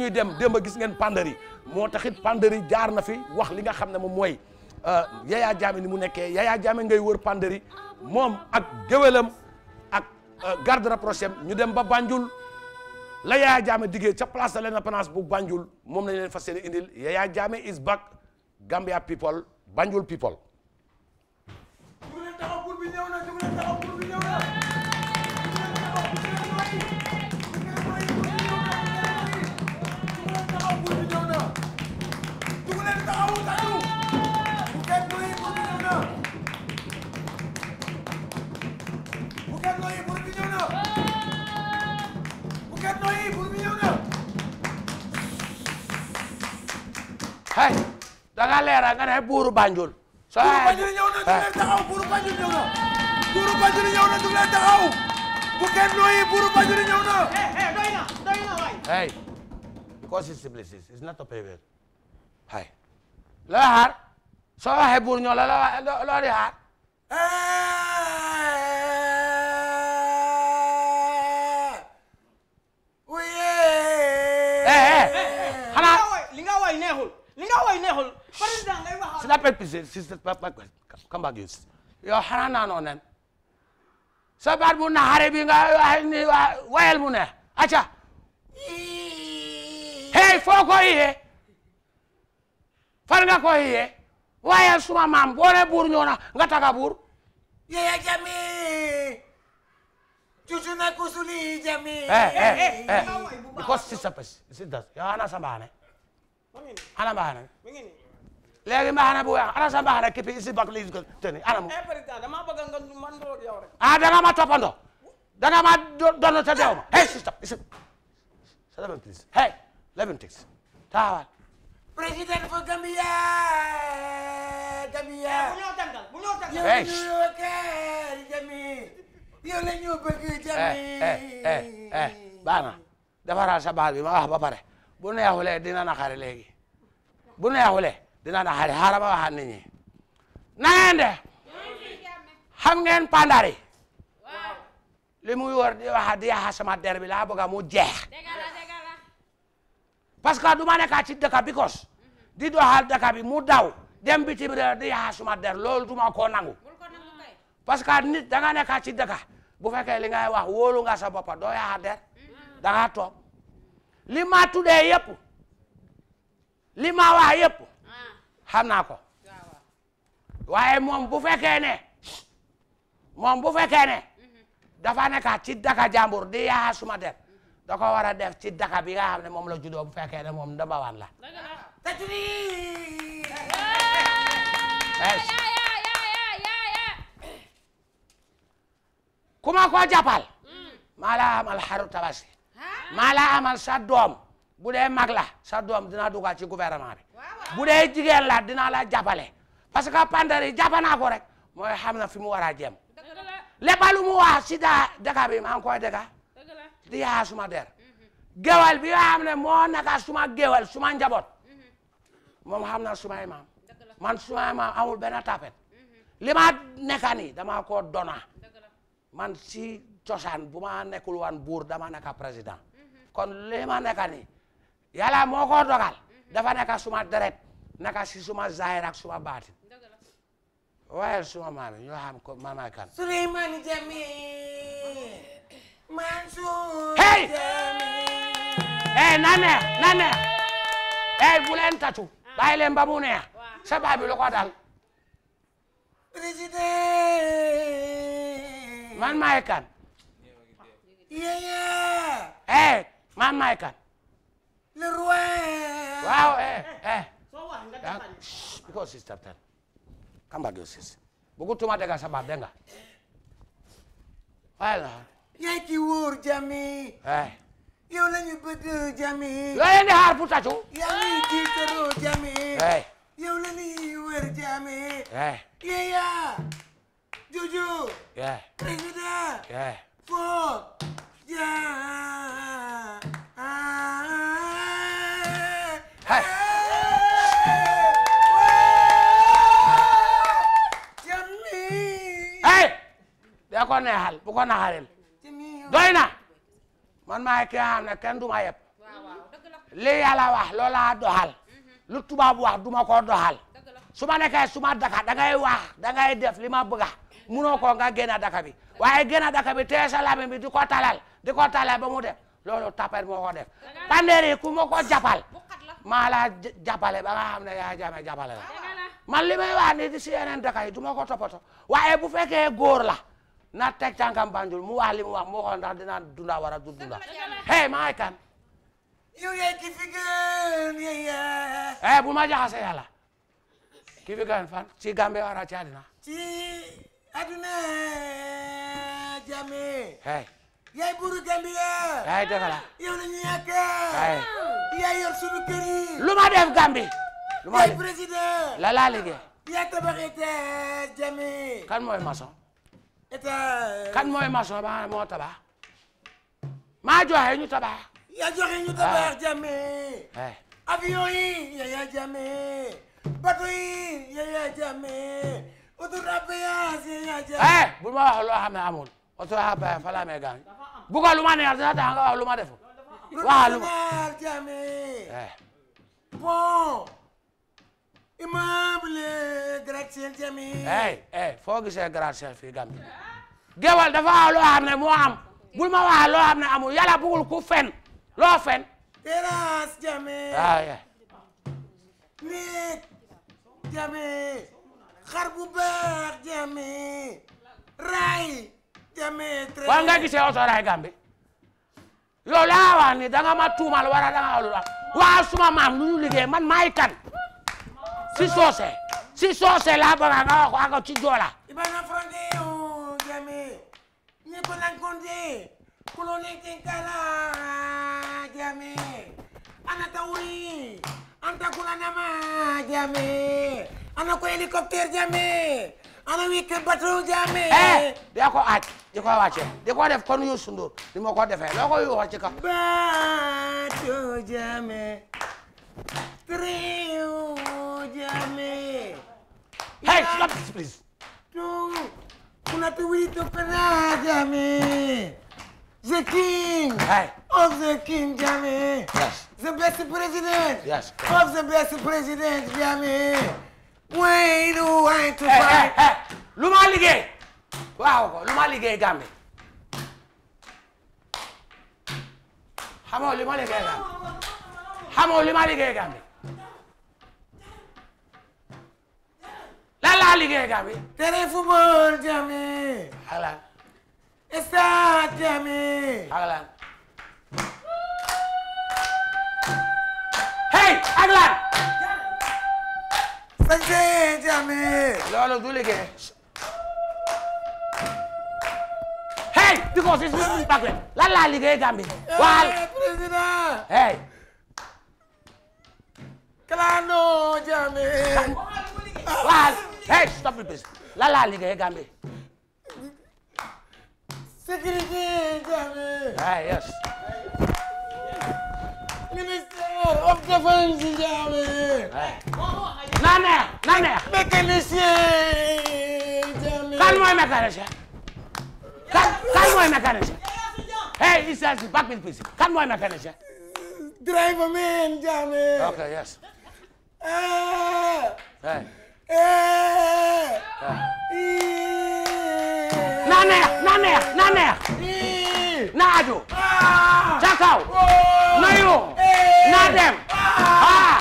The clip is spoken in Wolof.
ñuy dem démb gis ngeen panderi moo taxit pandari jaar na fi wax li nga xam ne moom mooy euh, Yaya Jammeh ni mu nekkee Yaya Jammeh ngay wër panderi moom ak géwélam ak euh, garde rapprochée ñu dem ba Banjul la Yaya Jammeh diggee ca place de l'Indépendance bu Banjul moom lañ leen fas yéene indil Yaya Jammeh is back Gambia people Banjul people choléra nga ne buuru Banjul. soo buuru Banjul ñëw na jug leen buuru Banjul ñëw na. buuru Banjul ñëw na jug buuru Banjul ñëw na. doy na doy na waay. a soo waxee buur ñëw la loo loo di way neexul. sapelpise kambages yow xanaa naanoo nen sa baat bu naxare bi nga wayel mu ne aca hey foo ko yiyee fan nga ko yiyee waaye suma maam boo buur ñoo nga taga buur Yaya Jammeh cucu na kusuli Jammeh because sisa pes sisa ana sambaane ana mbaane léegi mbaxana bu weex ana sa mbaxana képp si bak lay tëni ana mu. eh président ah, ma toppandoo danga ma doon te deew ma hey si stop si sa lebin please hey lebin tix taxawal. président fo eh, eh, eh, bi ma wax ba pare bu neexulee dina naqari léegi bu neexulee. dina na xari xaaral ma waxaat nit ñi na ngeen pandari li muy war di yaxa sama der bi laa bëgg mu jeex parce que du ma nekk ci dëkk bi because mm-hmm. di doxal dëkk bi mu daw dem bitim réew di yaxa sama der loolu du ma koo nangu parce que nit da nga bu fekkee li ngay wax wóolu nga sa bopp doo yaxa der mm-hmm. da nga li ma tuddee yëpp li ma wax yëpp xam naa ko waaye moom bu fekkee ne moom bu fekkee ne dafa nekk ci daka jàmbur di yaa suma def da war a def ci daka bi nga xam ne moom la juddoo bu fekkee ne moom ndamba wan la kuma ko jàppal mm. maa la amal xaru tabaski maa la amal sa doom bu dee mag la sa doom dina dugal ci gouvernement bi bu dee jigeen la dinaa la japale parce que Pandari jàpp naa ko rek mooy xam na fi mu war a jëm lu mu wax si daa dëkk bi maa ngi koy di yaa suma der géwal bi nga xam ne moo naka suma géwal suma njaboot moom xam na sumay maam man sumay maam amul benn tapet li ma dama ko dona man si cosaan bu ma nekkul woon buur dama nekka président kon li ma nekka moo ko dogal dafa nekk suma deret naka si suma zaahir suma baatin waaye suma maami ñu xam ko maamaay kan Souleymane Jammeh Mansour hey hey na neex na neex hey bu leen tatu ah. bàyyi leen ba mu neex sa baa bi dal président man maay kan yéyé hey man maay kan waaw eh eh. shh i k'o sisi tapitali kamba do sisi bukutuma dega saba denga wala yaa ci wóor jami eh yow lañu bëgg jami loo leen di xaar putatu yaa ngi jiitaroo jami eh yow lañuy wër jami eh yeya jojo eh président eh fo ja da ko neexal bu na man maay ki nga xam ne kenn du yeb li yàlla wax loola doxal lu tubaab wax du ma ko doxal suma ma nekkee su daka da ngay wax da ngay def li ma bëgg munoo ko nga génn daka bi waaye génn daka bi tee di ko talal di ko talal ba mu def loolu tapet moo ko def pandeer yi ku ma ko jàppal maa la jàppale ba nga xam ne jame jàppale la man li may wax ni di si yeneen daka yi du ma ko toppatoo waaye bu fekkee góor la na teg tànkam Banjul mu wax mu wax mu waxoon ndax dunda war a du dunda hey maay kan yow bu ma jaxase yàlla ki fi gën fan ci Gambe wara ci àddina ci àddina jame hey yaay buuru Gambia yaay dëgg la yow la ñu yàgg yaay def Gambi lu def président la laa liggéey yaa tabaxee te jame kan mooy maçon Eh, kan mooy maçon ba moo tabax maa joxe ñu tabax. yaa joxe eh. Eh. avion yi yaya jàmme. bato yaya jàmme. autoroute à péage yaya jàmme. bu ma wax loo xam ne amul autoroute à péage fa lu ma neex dina tax lu ma def. waxaluma. immeuble gratte-ciel Jami. hey hey foo dafa am loo xam ne moo am bul ma wax loo xam ne amul yàlla bugul ku fen loo fen. terrasse Jami. Ah, waaw bu baax Jami. ray Jami. wala nga gisee oto ray laa wax ni danga ma tuumal wala danga ma wala. waa suma maam lu ñu liggéey man maay kan. si soose si soose laa bëgg nga wax ko ak ci joola ibana fronde o jame ni ko nan konde ko lo jame ana tawri anta kula nama jame ana ko hélicoptère jame ana wike bateau jame eh de ko aj di ko wàcce di ko def kon Youssou Ndour di ma ko defee loo ko yuuxal ci kaw bateau jame Jammeh. Hey, stop this, please. Tu, kuna tuwito kana Jammeh. The king hey. of the king Jammeh. Yes. best president. Yes. Wey do I to hey, fight. Hey, hey. Lu ma liggéey. Waaw ko, lu ma liggéey Gambie. Xamoo liggéey Gambie. tere football jami. ak lan. stade jami. ak lan. hey ak lan. sañse jami. loolu du liggéey. hey di ko si suñu pàcc lan laa liggéey Gambie. Eh, waal président. hey. clando jami. waal. hey stop it please lan liggéey Gambie. sécurité Gambie. ah yes. ministère of defence Gambie. Ah. na neex na neex. mécanicien Gambie. kan mooy mécanicien. kan kan mooy mécanicien. hey si back with please kan mooy mécanicien. driver yes. Ah. hey. Eh. na neex na neex na neex na aju ca kaw na yu na dem ah